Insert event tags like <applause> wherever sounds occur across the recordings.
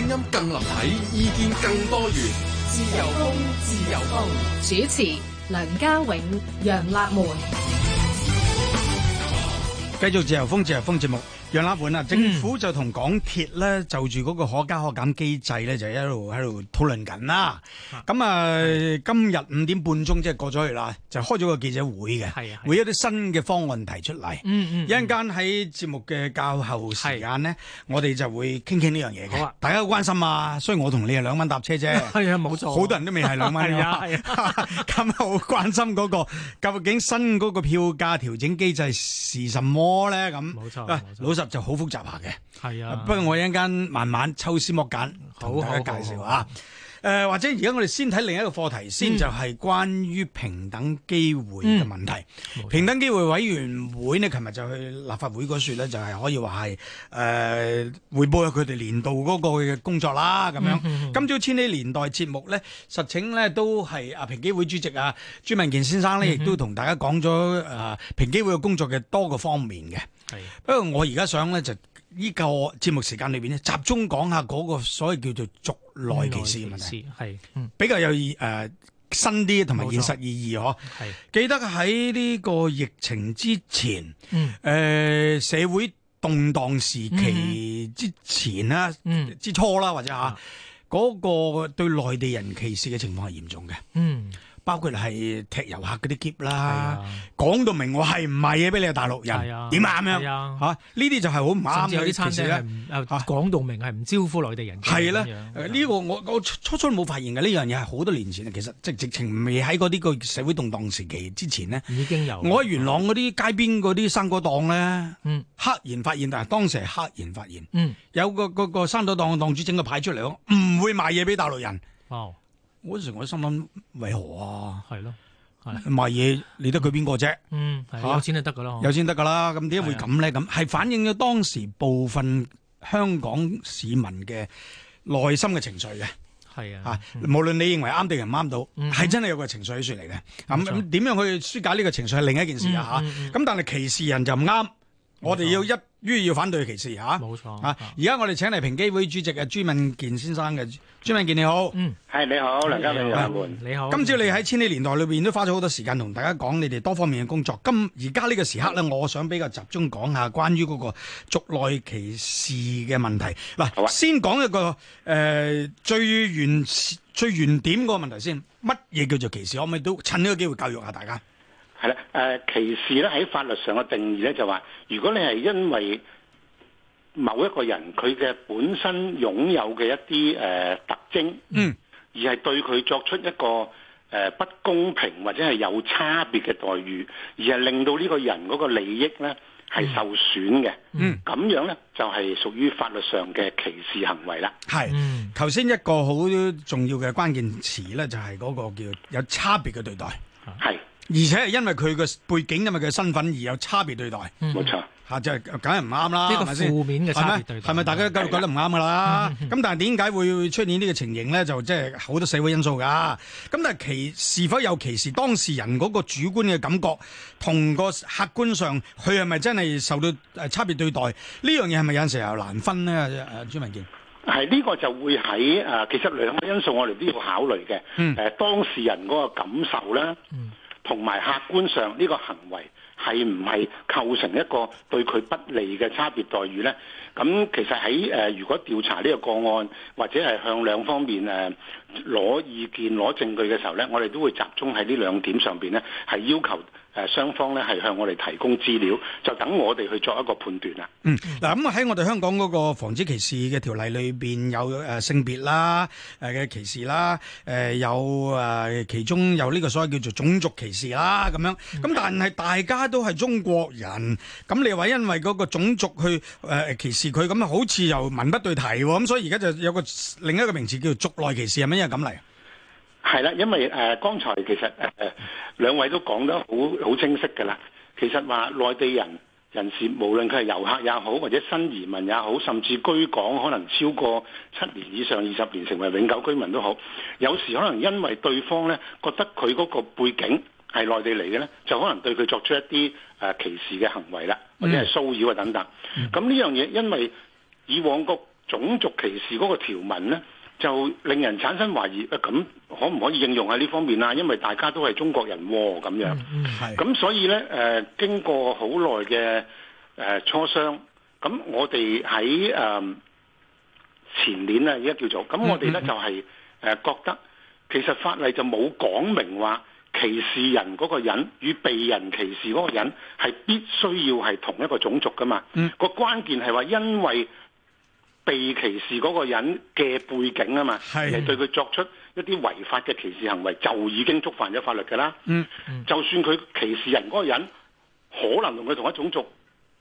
聲音更立體，意見更多元。自由風，自由風。主持：梁家永、楊立門。繼續自由風，自由風節目。楊老本啊，政府就同港鐵咧就住嗰個可加可減機制咧，就一路喺度討論緊啦。咁啊，今日五點半鐘即係過咗去啦，就開咗個記者會嘅，會一啲新嘅方案提出嚟。一陣間喺節目嘅較後時間呢，我哋就會傾傾呢樣嘢。好啊，大家好關心啊，所以我同你係兩蚊搭車啫。係啊，冇錯。好多人都未係兩蚊。係啊，咁好關心嗰個，究竟新嗰個票價調整機制是什麼咧？咁冇錯。就好複雜下嘅，係啊。不過我一陣間慢慢抽絲剝繭，同大家介紹啊。誒、呃，或者而家我哋先睇另一個課題，先就係關於平等機會嘅問題。嗯、平等機會委員會呢，琴日，就去立法會嗰處咧，就係、是、可以話係誒匯報咗佢哋年度嗰個嘅工作啦。咁樣，嗯嗯、今朝千禧年代節目咧，實請咧都係阿平機會主席啊朱敏健先生咧，亦都同大家講咗誒平機會嘅工作嘅多個方面嘅。不過我而家想咧就依個節目時間裏邊咧，集中講下嗰個所謂叫做族內歧視問題，係比較有意誒、呃、新啲同埋現實意義嗬。係記得喺呢個疫情之前，誒、嗯呃、社會動蕩時期之前咧，嗯嗯之初啦或者吓嗰、嗯、個對內地人歧視嘅情況係嚴重嘅。嗯。包括係踢遊客嗰啲 give 啦，講到明我係唔賣嘢俾你大陸人，點啊咁樣嚇？呢啲就係好唔啱。甚至有啲餐廳咧，誒講到明係唔招呼內地人。係啦，呢個我我初初冇發現嘅呢樣嘢係好多年前，其實即直情未喺嗰啲個社會動盪時期之前呢。已經有。我喺元朗嗰啲街邊嗰啲生果檔咧，嗯，赫然發現，但係當時係赫然發現，嗯，有個個生果檔檔主整個牌出嚟咯，唔會賣嘢俾大陸人。哦。嗰陣時我都心諗為何啊？係咯，賣嘢理得佢邊個啫？嗯，有錢就得噶啦，有錢得噶啦，咁點解會咁咧？咁係反映咗當時部分香港市民嘅內心嘅情緒嘅。係啊，無論你認為啱定唔啱到，係真係有個情緒喺度嚟嘅。咁點樣去紓解呢個情緒係另一件事啊？吓，咁但係歧視人就唔啱。我哋要一於要反對歧視嚇，冇、啊、錯嚇。而家我哋請嚟平機會主席嘅朱敏健先生嘅，朱，朱敏健你好，嗯，係你好，梁家偉、嗯、你好，你好。今朝你喺千禧年代裏邊都花咗好多時間同大家講你哋多方面嘅工作。咁而家呢個時刻咧，我想比較集中講下關於嗰個族內歧視嘅問題。嗱，先講一個誒、呃、最原最原點個問題先，乜嘢叫做歧視？可唔可以都趁呢個機會教育下大家？係啦，誒歧視咧喺法律上嘅定義咧，就是，就話如果你係因為某一個人佢嘅本身擁有嘅一啲誒特徵，嗯，而係對佢作出一個誒不公平或者係有差別嘅待遇，而係令到呢個人嗰個利益咧係受損嘅，嗯，咁樣咧就係屬於法律上嘅歧視行為啦。係，頭先一個好重要嘅關鍵詞咧，就係嗰個叫有差別嘅對待，係，嗯。而且係因為佢個背景，因為佢身份而有差別對待，冇錯嚇，即係梗係唔啱啦，呢個係負面嘅對待，係咪先？係咪、嗯、嗎大家都覺得唔啱噶啦？咁、嗯、但係點解會出現呢個情形咧？就即係好多社會因素噶。咁但係歧是否有歧視？當事人嗰個主觀嘅感覺同個客觀上，佢係咪真係受到誒差別對待？呢樣嘢係咪有陣時候難分呢？啊、朱敏健係呢、呢個就會喺誒，其實兩個因素我哋都要考慮嘅。誒、啊，當事人嗰個感受啦。嗯嗯同埋，客觀上呢、這個行為係唔係構成一個對佢不利嘅差別待遇咧？咁其實喺誒、呃，如果調查呢個個案，或者係向兩方面誒。呃攞意見攞證據嘅時候咧，我哋都會集中喺呢兩點上邊咧，係要求誒雙方咧係向我哋提供資料，就等我哋去作一個判斷喇。嗯，嗱咁啊喺我哋香港嗰個防止歧視嘅條例裏邊有誒性別啦，誒嘅歧視啦，誒有誒其中有呢個所謂叫做種族歧視啦咁樣。咁但係大家都係中國人，咁你話因為嗰個種族去誒歧視佢，咁好似又文不對題喎。咁所以而家就有個另一個名詞叫做族內歧視係咩？因為咁嚟，係啦，因為誒，剛、呃、才其實誒，兩、呃、位都講得好好清晰噶啦。其實話內地人人士，無論佢係遊客也好，或者新移民也好，甚至居港可能超過七年以上、二十年成為永久居民都好，有時可能因為對方咧覺得佢嗰個背景係內地嚟嘅咧，就可能對佢作出一啲誒、呃、歧視嘅行為啦，或者係騷擾啊等等。咁呢、嗯嗯、樣嘢，因為以往個種族歧視嗰個條文咧，就令人產生懷疑，咁可唔可以應用喺呢方面啊？因為大家都係中國人喎，咁樣。嗯，係。咁所以呢，誒經過好耐嘅誒磋商，咁我哋喺誒前年呢，而家叫做，咁我哋呢就係誒覺得其實法例就冇講明話歧視人嗰個人與被人歧視嗰個人係必須要係同一個種族噶嘛。嗯。個關鍵係話，因為被歧視嗰個人嘅背景啊嘛，係對佢作出一啲違法嘅歧視行為，就已經觸犯咗法律㗎喇。嗯， <noise> 就算佢歧視人嗰個人，可能同佢同一種族。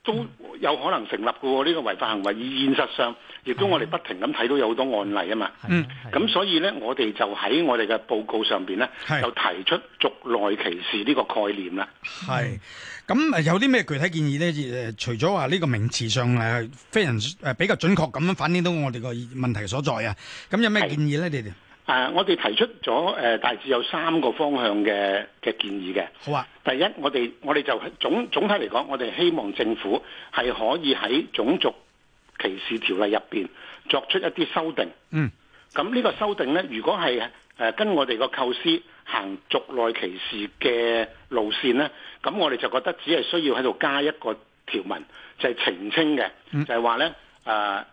都有可能成立嘅，呢個違法行為，現實上亦都我哋不停咁睇到有好多案例啊嘛。嗯的，咁所以呢，的我哋就喺我哋嘅報告上邊呢，的就提出族內歧視呢個概念啦。係，咁有啲咩具體建議呢？呃、除咗話呢個名詞上誒非常誒、呃、比較準確咁樣反映到我哋個問題所在啊。咁有咩建議呢？你哋？啊！Uh, 我哋提出咗誒、呃，大致有三個方向嘅嘅建議嘅。好啊，第一，我哋我哋就總總體嚟講，我哋希望政府係可以喺種族歧視條例入邊作出一啲修訂。嗯，咁呢個修訂呢，如果係誒、呃、跟我哋個構思行族內歧視嘅路線呢，咁我哋就覺得只係需要喺度加一個條文，就係、是、澄清嘅，就係、是、話呢啊，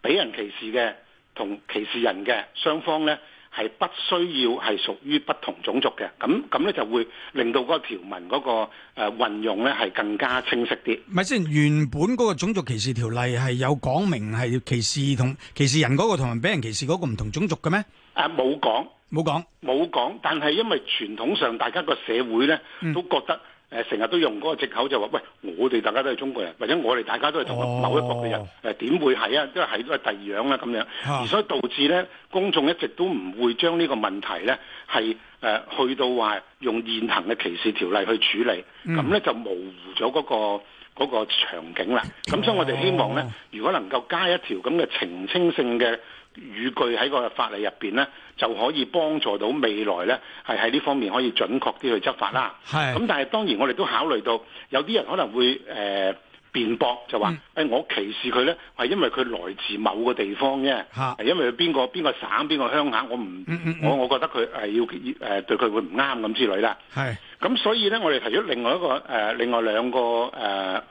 俾、呃、人歧視嘅。同歧視人嘅雙方咧，係不需要係屬於不同種族嘅。咁咁咧就會令到嗰條文嗰個誒運用咧係更加清晰啲。唔係先，原本嗰個種族歧視條例係有講明係歧視同歧視人嗰個同人俾人歧視嗰個唔同種族嘅咩？誒冇講冇講冇講，但係因為傳統上大家個社會咧都覺得。誒成日都用嗰個藉口就話，喂，我哋大家都係中國人，或者我哋大家都係同一某一個國嘅人，誒點、oh. 呃、會係啊？即係係第二樣啦咁樣，而所以導致咧，公眾一直都唔會將呢個問題咧係誒去到話用現行嘅歧視條例去處理，咁咧、mm. 就模糊咗嗰個嗰、那個、場景啦。咁所以我哋希望咧，oh. 如果能夠加一條咁嘅澄清性嘅。語句喺個法例入邊呢，就可以幫助到未來呢，係喺呢方面可以準確啲去執法啦。係咁是的、嗯，但係當然我哋都考慮到有啲人可能會誒、呃、辯駁，就話誒、哎、我歧視佢呢，係因為佢來自某個地方啫，係因為佢邊個邊個省邊個鄉下，我唔我我覺得佢係要誒對佢會唔啱咁之類啦。係咁，所以呢，我哋提出另外一個誒、呃，另外兩個誒、呃、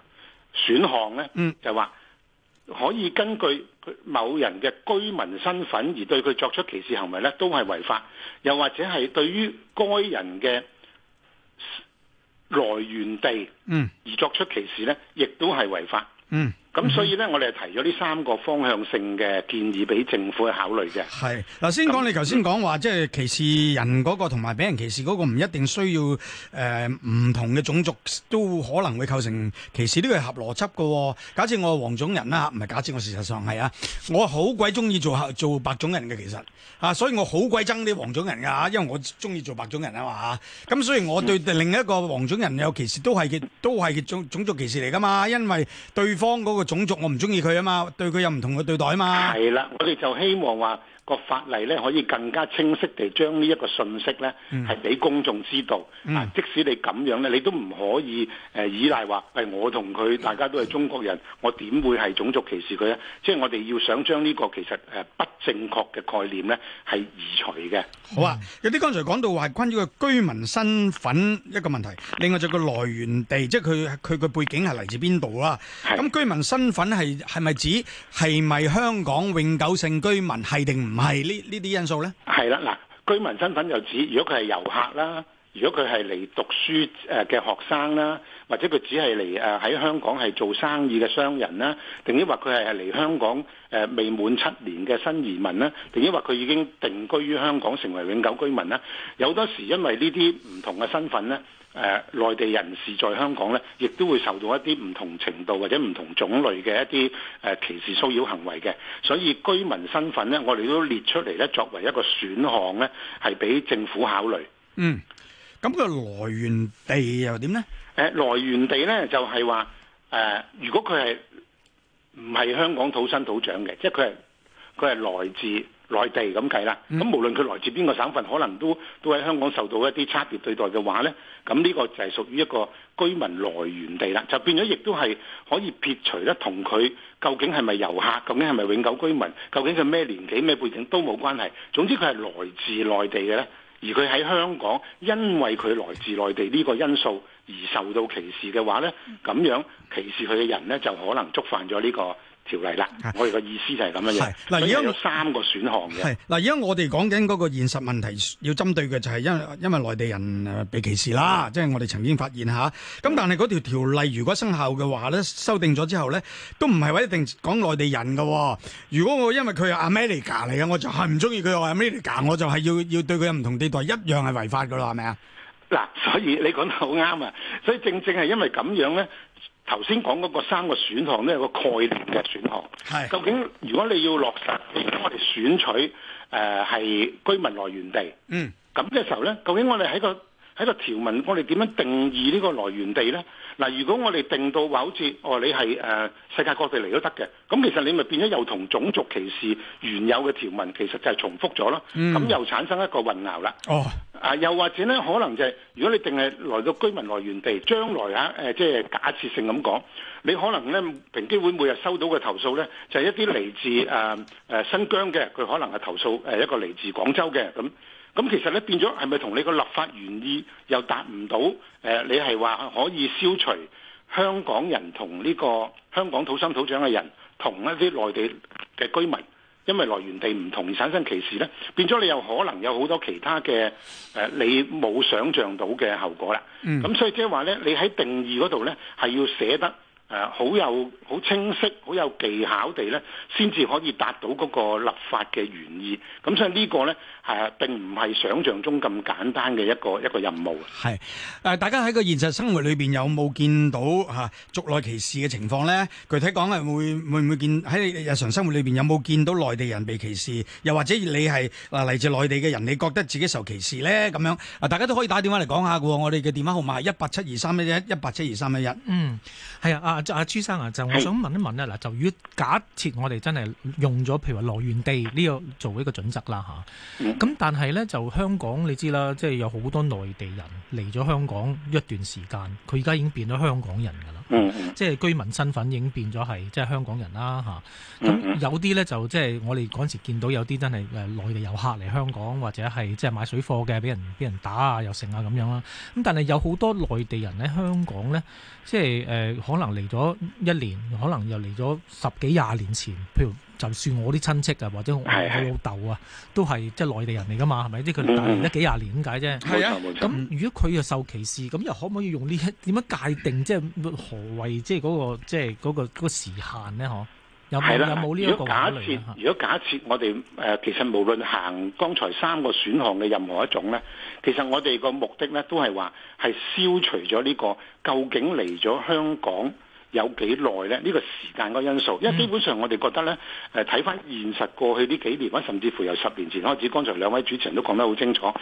選項呢，就話。可以根據某人嘅居民身份而對佢作出歧視行為咧，都係違法；又或者係對於該人嘅來源地嗯而作出歧視咧，亦都係違法嗯。嗯咁所以咧，我哋係提咗呢三個方向性嘅建議俾政府去考慮嘅。係嗱先講、嗯、你頭先講話，即係歧視人個同埋俾人歧視個唔一定需要誒唔、呃、同嘅種族都可能會構成歧視，呢個係合邏輯嘅。假設我係黃種人啦嚇，唔係假設我事實上係啊，我好鬼中意做做白種人嘅，其實啊，所以我好鬼憎啲黃種人㗎嚇，因為我中意做白種人啊嘛嚇。咁所以，我對另一個黃種人有歧視都係嘅都係嘅種種族歧視嚟㗎嘛，因為對方嗰個。種族我唔中意佢啊嘛，對佢有唔同嘅對待啊嘛。係啦，我哋就希望話。個法例咧可以更加清晰地將呢一個信息咧係俾公眾知道。啊、嗯，即使你咁樣咧，你都唔可以誒依賴話係我同佢大家都係中國人，我點會係種族歧視佢咧？即係我哋要想將呢個其實誒、呃、不正確嘅概念咧係移除嘅。嗯、好啊，有啲剛才講到話關於個居民身份一個問題，另外就個來源地，即係佢佢個背景係嚟自邊度啊？咁是、嗯、居民身份係係咪指係咪香港永久性居民係定唔？是唔係呢呢啲因素呢？係啦嗱，居民身份就指如果佢係遊客啦，如果佢係嚟讀書誒嘅學生啦，或者佢只係嚟誒喺香港係做生意嘅商人啦，定抑或佢係嚟香港誒、呃、未滿七年嘅新移民啦，定抑或佢已經定居於香港成為永久居民啦，有多時因為呢啲唔同嘅身份呢。誒，內地人士在香港咧，亦都會受到一啲唔同程度或者唔同種類嘅一啲誒歧視騷擾行為嘅，所以居民身份咧，我哋都列出嚟咧，作為一個選項咧，係俾政府考慮。嗯，咁個來源地又點咧？誒，來源地咧就係話誒，如果佢係唔係香港土生土長嘅，即係佢係佢係來自內地咁計啦，咁、嗯、無論佢來自邊個省份，可能都都喺香港受到一啲差別對待嘅話咧，咁呢個就係屬於一個居民來源地啦，就變咗亦都係可以撇除得同佢究竟係咪遊客，究竟係咪永久居民，究竟佢咩年紀、咩背景都冇關係。總之佢係來自內地嘅呢，而佢喺香港因為佢來自內地呢個因素而受到歧視嘅話呢，咁樣歧視佢嘅人呢，就可能觸犯咗呢個。條例啦，我哋個意思就係咁樣樣。係，嗱，而家有三個選項嘅。係，嗱，而家我哋講緊嗰個現實問題，要針對嘅就係因因為內地人被歧視啦，即係我哋曾經發現吓。咁但係嗰條條例如果生效嘅話咧，修訂咗之後咧，都唔係話一定講內地人嘅。如果我因為佢係 America 嚟嘅，我就係唔中意佢話 America，我就係要要對佢有唔同對待一樣係違法噶啦，係咪啊？嗱，所以你講得好啱啊！所以正正係因為咁樣咧。頭先講嗰個三個選項咧，都有個概念嘅選項，係的、嗯、究竟如果你要落實，如果我哋選取誒係、呃、居民來源地，嗯，咁嘅時候咧，究竟我哋喺個喺個條文，我哋點樣定義呢個來源地咧？嗱，如果我哋定到話，好似哦，你係誒、呃、世界各地嚟都得嘅，咁其實你咪變咗又同種族歧視原有嘅條文其實就係重複咗咯，咁、嗯、又產生一個混淆啦。哦，啊，又或者咧，可能就係、是、如果你定係來到居民來源地，將來呀誒、呃、即係假設性咁講，你可能咧平機會每日收到嘅投訴咧，就係、是、一啲嚟自誒誒、呃呃、新疆嘅，佢可能係投訴誒、呃、一個嚟自廣州嘅咁。咁其實咧變咗係咪同你個立法原意又達唔到？誒、呃，你係話可以消除香港人同呢個香港土生土長嘅人，同一啲內地嘅居民，因為來源地唔同而產生歧視咧，變咗你又可能有好多其他嘅誒、呃，你冇想象到嘅後果啦。嗯，咁所以即係話咧，你喺定義嗰度咧係要寫得誒好、呃、有好清晰、好有技巧地咧，先至可以達到嗰個立法嘅原意。咁所以呢個咧。係啊，並唔係想象中咁簡單嘅一個一個任務。係，誒、呃，大家喺個現實生活裏邊有冇見到嚇族、啊、內歧視嘅情況呢？具體講係會會唔會見喺你日常生活裏邊有冇見到內地人被歧視？又或者你係嗱嚟自內地嘅人，你覺得自己受歧視呢？咁樣啊，大家都可以打電話嚟講下嘅。我哋嘅電話號碼係一八七二三一一一八七二三一一。嗯，係啊，阿阿朱生啊，啊生就我想問一問咧，嗱、嗯，就如假設我哋真係用咗譬如話來源地呢個做一個準則啦，嚇、啊。啊咁但係呢，就香港你知啦，即係有好多內地人嚟咗香港一段時間，佢而家已經變咗香港人噶啦。 <laughs> 即係居民身份已經變咗係即係香港人啦嚇。咁、啊、有啲呢，就即係我哋嗰陣時見到有啲真係誒內地遊客嚟香港或者係即係買水貨嘅，俾人俾人打啊又剩啊咁樣啦。咁但係有好多內地人喺香港呢，即係誒、呃、可能嚟咗一年，可能又嚟咗十幾廿年前，譬如。就算我啲親戚啊，或者我老豆啊，的都係即係內地人嚟噶嘛，係咪？即係佢大年咗幾廿年咁解啫。係啊、嗯嗯，咁如果佢又受歧視，咁又可唔可以用呢？點樣界定即係何為即係嗰、嗰個即係嗰個嗰個時限咧？嗬？有冇有冇呢一個假設，如果假設我哋誒、呃、其實無論行剛才三個選項嘅任何一種咧，其實我哋個目的咧都係話係消除咗呢、呢個究竟嚟咗香港。有幾耐呢？呢、這個時間個因素，因為基本上我哋覺得呢，誒睇翻現實過去呢幾年或、啊、甚至乎由十年前開始，剛才兩位主持人都講得好清楚，嗰、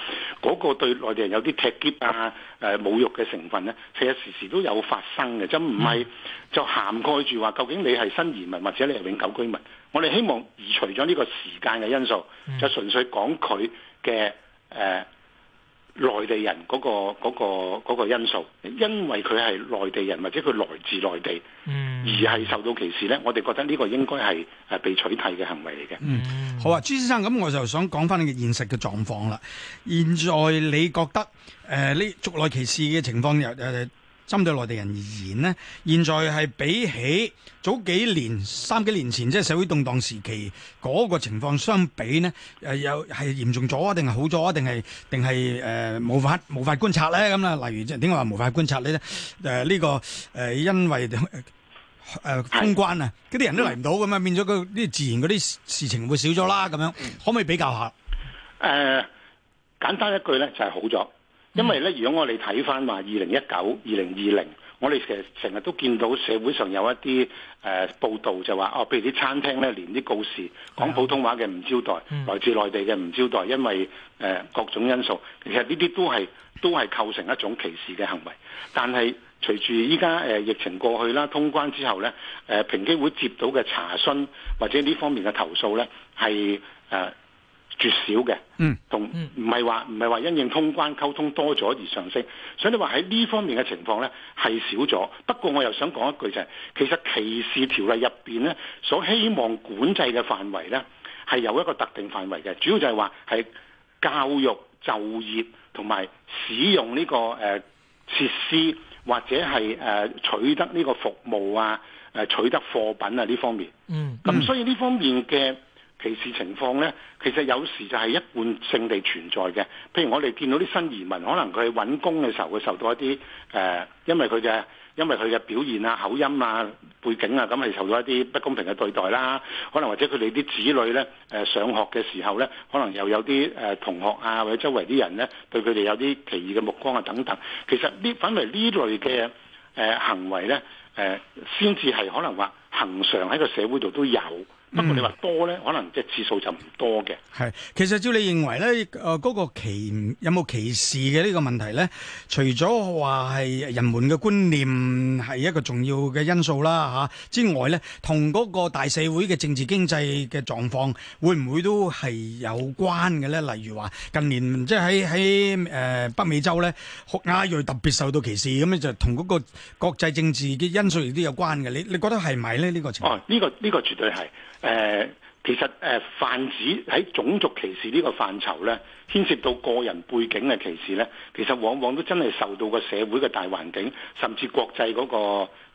那個對內地人有啲踢劫啊、誒、呃、侮辱嘅成分呢，其實時時都有發生嘅，就唔係就涵蓋住話究竟你係新移民或者你係永久居民。我哋希望移除咗呢個時間嘅因素，就純粹講佢嘅誒。呃內地人嗰、嗰個、嗰個、嗰個因素，因為佢係內地人或者佢來自內地，嗯、而係受到歧視咧，我哋覺得呢個應該係誒被取締嘅行為嚟嘅。嗯，好啊，朱先生，咁我就想講翻你嘅現實嘅狀況啦。現在你覺得誒呢族內歧視嘅情況有誒？有針對內地人而言咧，現在係比起早幾年、三幾年前即係社會動盪時期嗰、那個情況相比咧，誒又係嚴重咗定係好咗定係定係誒冇法冇法觀察咧咁啦。例如點解話冇法觀察你咧？誒、呃、呢、這個誒、呃、因為誒、呃、封關啊，嗰啲的人都嚟唔到咁啊，嗯、變咗個啲自然嗰啲事情會少咗啦。咁、嗯、樣可唔可以比較下？誒、呃、簡單一句咧就係、是、好咗。嗯、因為咧，如果我哋睇翻話二零一九、二零二零，我哋其實成日都見到社會上有一啲誒、呃、報道就，就話哦，譬如啲餐廳咧，連啲告示講普通話嘅唔招待，嗯、來自內地嘅唔招待，因為誒、呃、各種因素，其實呢啲都係都係構成一種歧視嘅行為。但係隨住依家誒疫情過去啦，通關之後咧，誒平機會接到嘅查詢或者呢方面嘅投訴咧，係誒，呃絕少嘅，同唔係話唔係話因應通關溝通多咗而上升，所以你話喺呢方面嘅情況咧係少咗。不過我又想講一句就係、是，其實歧視條例入邊咧，所希望管制嘅範圍咧係有一個特定範圍嘅，主要就係話係教育、就業同埋使用呢、這個誒設、呃、施或者係誒、呃、取得呢個服務啊，誒、啊、取得貨品啊呢方面。嗯，咁、嗯、所以呢方面嘅。歧視情況呢，其實有時就係一貫性地存在嘅。譬如我哋見到啲新移民，可能佢揾工嘅時候會受到一啲誒、呃，因為佢嘅因為佢嘅表現啊、口音啊、背景啊，咁係受到一啲不公平嘅對待啦。可能或者佢哋啲子女呢，誒、呃、上學嘅時候呢，可能又有啲誒、呃、同學啊或者周圍啲人呢，對佢哋有啲歧異嘅目光啊等等。其實呢反為呢類嘅誒、呃、行為呢，誒、呃，先至係可能話恒常喺個社會度都有。不過你話多咧，可能即係次數就唔多嘅。係，其實照你認為咧，誒，嗰個歧有冇歧視嘅呢個問題咧？除咗話係人們嘅觀念係一個重要嘅因素啦，吓之外咧，同嗰個大社會嘅政治經濟嘅狀況會唔會都係有關嘅咧？例如話近年即係喺喺誒北美洲咧，亞裔特別受到歧視，咁咧就同嗰個國際政治嘅因素亦都有關嘅。你你覺得係咪咧？呢個情況？哦，呢個呢個絕對係。誒、呃，其實誒泛指喺種族歧視個範疇，呢個範疇呢，牽涉到個人背景嘅歧視呢，其實往往都真係受到個社會嘅大環境，甚至國際嗰、那個、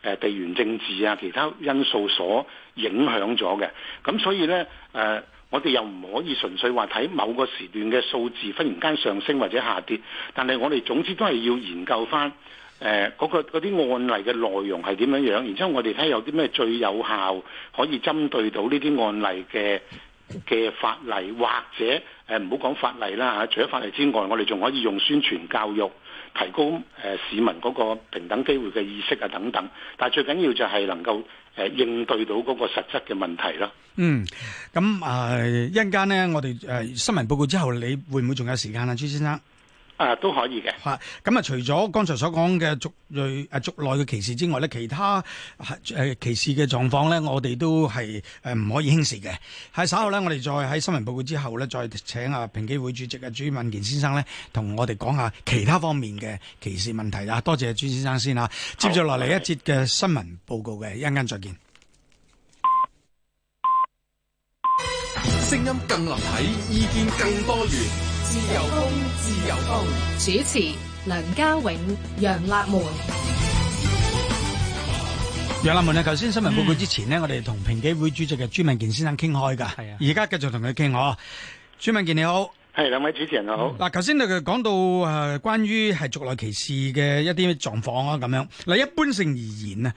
呃、地緣政治啊，其他因素所影響咗嘅。咁所以呢，誒、呃、我哋又唔可以純粹話睇某個時段嘅數字忽然間上升或者下跌，但係我哋總之都係要研究返。誒，嗰個嗰啲案例嘅內容係點樣樣？然之後我哋睇有啲咩最有效可以針對到呢啲案例嘅嘅法例，或者誒唔好講法例啦吓，除咗法例之外，我哋仲可以用宣傳教育，提高誒市民嗰個平等機會嘅意識啊，等等。但係最緊要就係能夠誒應對到嗰個實質嘅問題咯。嗯，咁誒一陣間呢，我哋誒新聞報告之後，你會唔會仲有時間啊，朱先生？啊，都可以嘅。吓，咁啊，除咗剛才所講嘅族裔啊族內嘅歧視之外呢，其他誒、呃、歧視嘅狀況呢，我哋都係誒唔可以輕視嘅。係稍後呢，我哋再喺新聞報告之後呢，再請啊平機會主席啊朱敏健先生呢，同我哋講下其他方面嘅歧視問題啊。多謝朱先生先吓，好接住落嚟一節嘅新聞報告嘅，一陣間再見。是聲音更立體，意見更多元。自由風，自由風。主持梁家永、楊立門、楊立門啊！頭先新聞報告之前呢，嗯、我哋同平機會主席嘅朱敏健先生傾開噶。係啊，而家繼續同佢傾。我、哦、朱敏健你好。係兩位主持人好。嗱、嗯，頭先你講到誒、呃，關於係族內歧視嘅一啲狀況啊，咁樣嗱，一般性而言啊，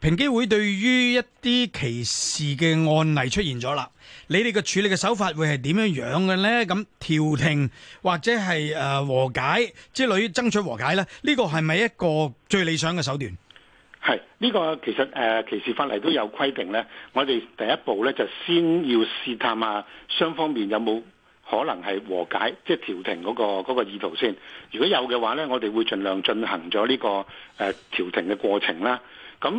平機會對於一啲歧視嘅案例出現咗啦，你哋嘅處理嘅手法會係點樣樣嘅咧？咁調停或者係誒、呃、和解，之類於爭取和解咧，呢個係咪一個最理想嘅手段？係呢、這個其實誒、呃、歧視法例都有規定咧，我哋第一步咧就先要試探下雙方面有冇。可能係和解，即係調停嗰個嗰個意圖先。如果有嘅話呢，我哋會盡量進行咗呢個誒調停嘅過程啦。咁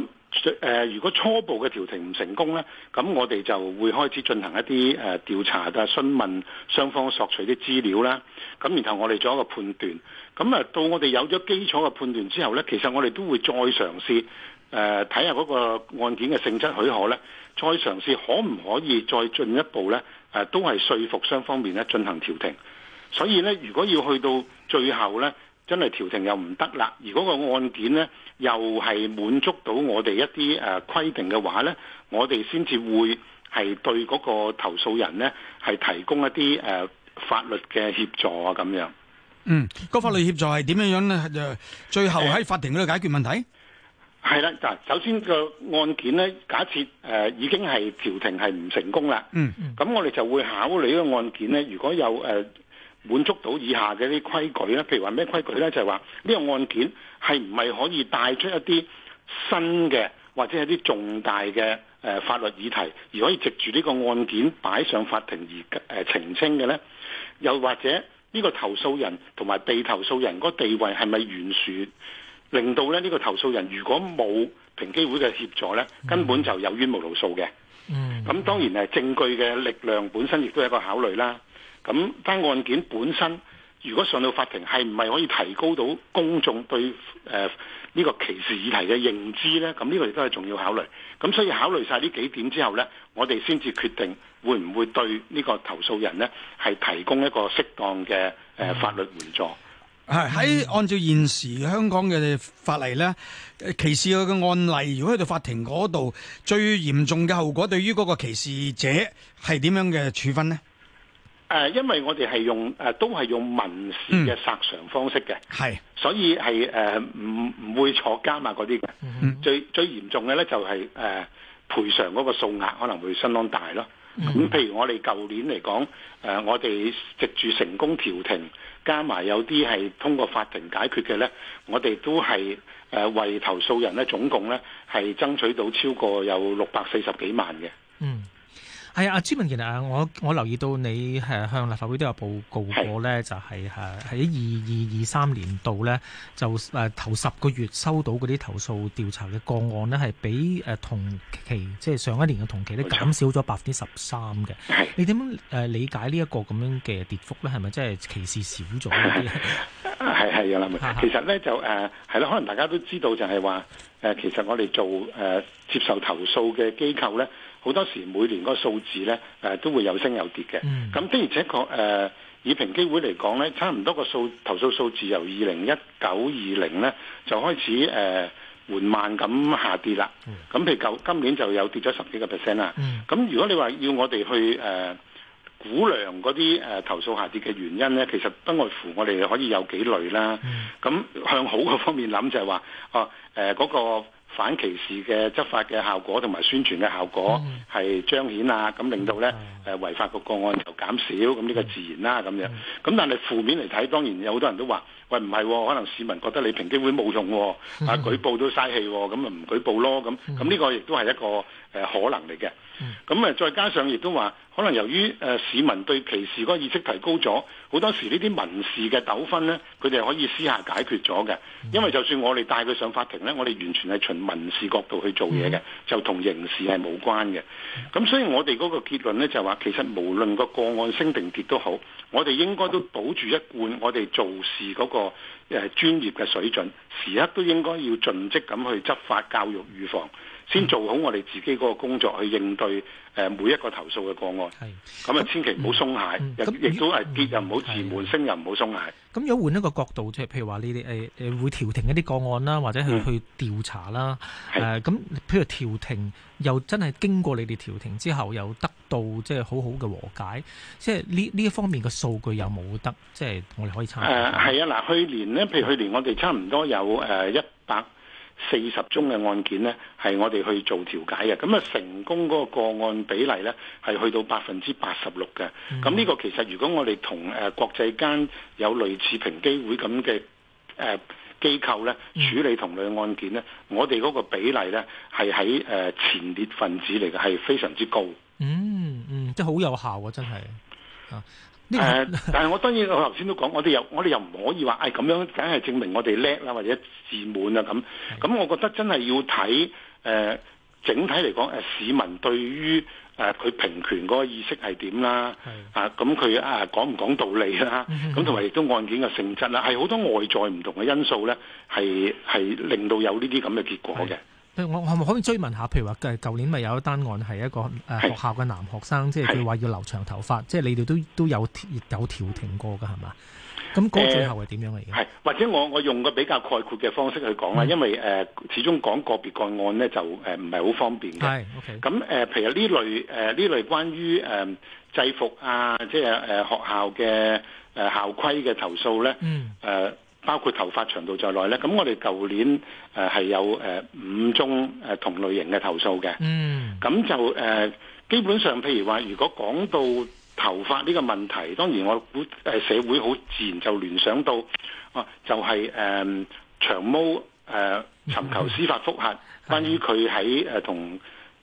誒，如果初步嘅調停唔成功呢，咁我哋就會開始進行一啲誒調查嘅詢問，雙方索取啲資料啦。咁然後我哋做一個判斷。咁啊，到我哋有咗基礎嘅判斷之後呢，其實我哋都會再嘗試誒睇下嗰個案件嘅性質許可呢，再嘗試可唔可以再進一步呢？誒都係説服雙方面咧進行調停，所以咧如果要去到最後咧，真係調停又唔得啦，而嗰個案件咧又係滿足到我哋一啲誒規定嘅話咧，我哋先至會係對嗰個投訴人咧係提供一啲誒法律嘅協助啊咁樣。嗯，嗰、嗰個、法律協助係點樣樣咧？就、嗯、最後喺法庭度解決問題。嗯嗯係啦，嗱，首先個案件咧，假設誒、呃、已經係調停係唔成功啦、嗯，嗯，咁我哋就會考慮呢個案件咧，如果有誒、呃、滿足到以下嘅一啲規矩咧，譬如話咩規矩咧，就係話呢個案件係唔係可以帶出一啲新嘅或者係啲重大嘅誒、呃、法律議題，而可以藉住呢個案件擺上法庭而誒澄清嘅咧，又或者呢個投訴人同埋被投訴人個地位係咪懸殊？令到咧呢個投訴人如果冇平機會嘅協助咧，根本就有冤無路訴嘅。嗯，咁當然誒證據嘅力量本身亦都係一個考慮啦。咁單案件本身，如果上到法庭係唔係可以提高到公眾對誒呢個歧視議題嘅認知咧？咁呢個亦都係重要考慮。咁所以考慮晒呢幾點之後咧，我哋先至決定會唔會對呢個投訴人咧係提供一個適當嘅誒、呃、法律援助。嗯係喺按照現時香港嘅法例咧，歧視佢嘅案例，如果去到法庭嗰度，最嚴重嘅後果對於嗰個歧視者係點樣嘅處分咧？誒、呃、因為我哋係用誒、呃、都係用民事嘅索償方式嘅，係、嗯，所以係誒唔唔會坐監啊嗰啲嘅，最最嚴重嘅咧就係誒賠償嗰個數額可能會相當大咯。咁譬、mm hmm。如我哋舊年嚟講，誒、呃、我哋藉住成功調停，加埋有啲係通過法庭解決嘅呢，我哋都係誒、呃、為投訴人呢，總共呢係爭取到超過有六百四十幾萬嘅。嗯、mm。Hmm. 係啊，朱敏健啊，我我留意到你係向立法會都有報告過咧，是，就係誒喺二二二三年度咧，就誒頭十個月收到嗰啲投訴調查嘅個案咧，係比誒同期即係、就是、上一年嘅同期咧減少咗百分之十三嘅。錯你點樣誒理解呢一個咁樣嘅跌幅咧？係咪即係歧視少咗啲？係係有啦。其實咧就誒係咯，可能大家都知道就係話誒，其實我哋做誒、呃、接受投訴嘅機構咧。呢呢好多時每年個數字咧，誒、呃、都會有升有跌嘅。咁、mm. 的而且確誒、呃，以平機會嚟講咧，差唔多個數投訴數字由二零一九二零咧就開始誒、呃、緩慢咁下跌啦。咁譬如舊今年就有跌咗十幾個 percent 啦。咁、mm. 如果你話要我哋去誒估量嗰啲誒投訴下跌嘅原因咧，其實不外乎我哋可以有幾類啦。咁、mm. 向好嘅方面諗就係話，哦誒嗰個反歧視嘅執法嘅效果同埋宣傳嘅效果係彰顯啊，咁 <noise> 令到咧誒、 <noise> 呃、違法個個案就減少，咁呢個自然啦咁樣。咁 <noise> 但係負面嚟睇，當然有好多人都話。喂，唔係、 <music> <music> 哎，可能市民覺得你平機會冇用、喔，啊舉報都嘥氣、喔，咁咪唔舉報咯？咁咁呢個亦都係一個誒、呃、可能嚟嘅。咁、嗯、咪再加上亦都話，可能由於誒、呃、市民對歧視嗰個意識提高咗，好多時呢啲民事嘅糾紛呢，佢哋可以私下解決咗嘅。因為就算我哋帶佢上法庭呢，我哋完全係循民事角度去做嘢嘅， <music> 就同刑事係冇關嘅。咁所以我哋嗰個結論呢就係話，其實無論個個案升定跌都好，我哋應該都保住一貫我哋做事嗰個。個誒專業嘅水準，時刻都應該要盡職咁去執法、教育、預防。嗯、先做好我哋自己嗰個工作，去應對誒每一個投訴嘅個案。係是，咁啊，千祈唔好鬆懈，亦都係結又唔好自滿，聲又唔好鬆懈。咁如果換一個角度，即係譬如話呢啲誒誒會調停一啲個案啦，或者去去調查啦。誒咁、嗯，譬如調停又真係經過你哋調停之後，又得到即係好好嘅和解。即係呢呢一方面嘅數據又有冇得？即係我哋可以參考。誒係啊！嗱，去年咧，譬如去年我哋差唔多有誒一百。呃嗯四十宗嘅案件呢，係我哋去做調解嘅，咁啊成功嗰個案比例呢，係去到百分之八十六嘅。咁呢、嗯、個其實如果我哋同誒國際間有類似平機會咁嘅誒機構呢，處理同類案件呢，嗯、我哋嗰個比例呢，係喺誒前列分子嚟嘅，係非常之高。嗯嗯，即係好有效啊！真係。啊。誒，但係我當然，我頭先都講，我哋又我哋又唔可以話，誒咁樣，梗係證明我哋叻啦，或者自滿啊咁。咁我覺得真係要睇誒整體嚟講，誒市民對於誒佢平權嗰個意識係點啦？啊，咁佢啊講唔講道理啊？咁同埋亦都案件嘅性質啦，係好多外在唔同嘅因素咧，係係令到有呢啲咁嘅結果嘅。我我可唔可以追問下？譬如話，誒舊年咪有一單案係一個誒學校嘅男學生，是即係佢話要留長頭髮，是即係你哋都都有有調停過嘅係嘛？咁個最後係點樣嚟嘅？係、呃、或者我我用個比較概括嘅方式去講啦，嗯、因為誒、呃、始終講個別個案咧就誒唔係好方便嘅。係。咁、okay、誒，譬、呃、如呢類誒呢、呃、類關於誒、呃、制服啊，即係誒、呃、學校嘅誒校規嘅投訴咧，誒、嗯。呃呃嗯包括頭髮長度在內咧，咁我哋舊年誒係、呃、有誒、呃、五宗誒同類型嘅投訴嘅，咁、嗯、就誒、呃、基本上，譬如話，如果講到頭髮呢個問題，當然我估誒社會好自然就聯想到，哦、啊，就係、是、誒、呃、長毛誒、呃、尋求司法覆核，啊啊、關於佢喺誒同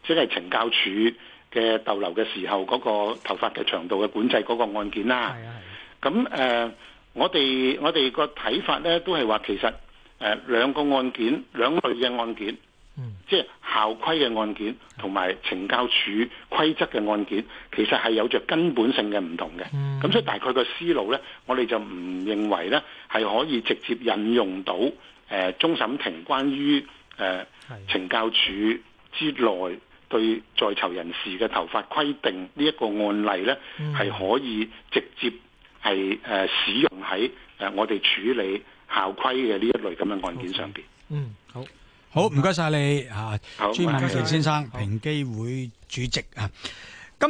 即係懲教署嘅逗留嘅時候嗰、那個頭髮嘅長度嘅管制嗰個案件啦，咁、啊、誒。啊我哋我哋個睇法咧，都係話其實誒、呃、兩個案件，兩類嘅案件，嗯、即係校規嘅案件同埋懲教署規則嘅案件，其實係有着根本性嘅唔同嘅。咁、嗯、所以大概個思路咧，我哋就唔認為咧係可以直接引用到誒、呃、終審庭關於誒懲、呃、教署之內對在囚人士嘅頭髮規定呢一個案例咧，係可以直接。係誒使用喺誒我哋處理校規嘅呢一類咁嘅案件上邊。嗯，好，謝謝，好唔該晒你啊，朱敏好健先生，平機會主席好啊。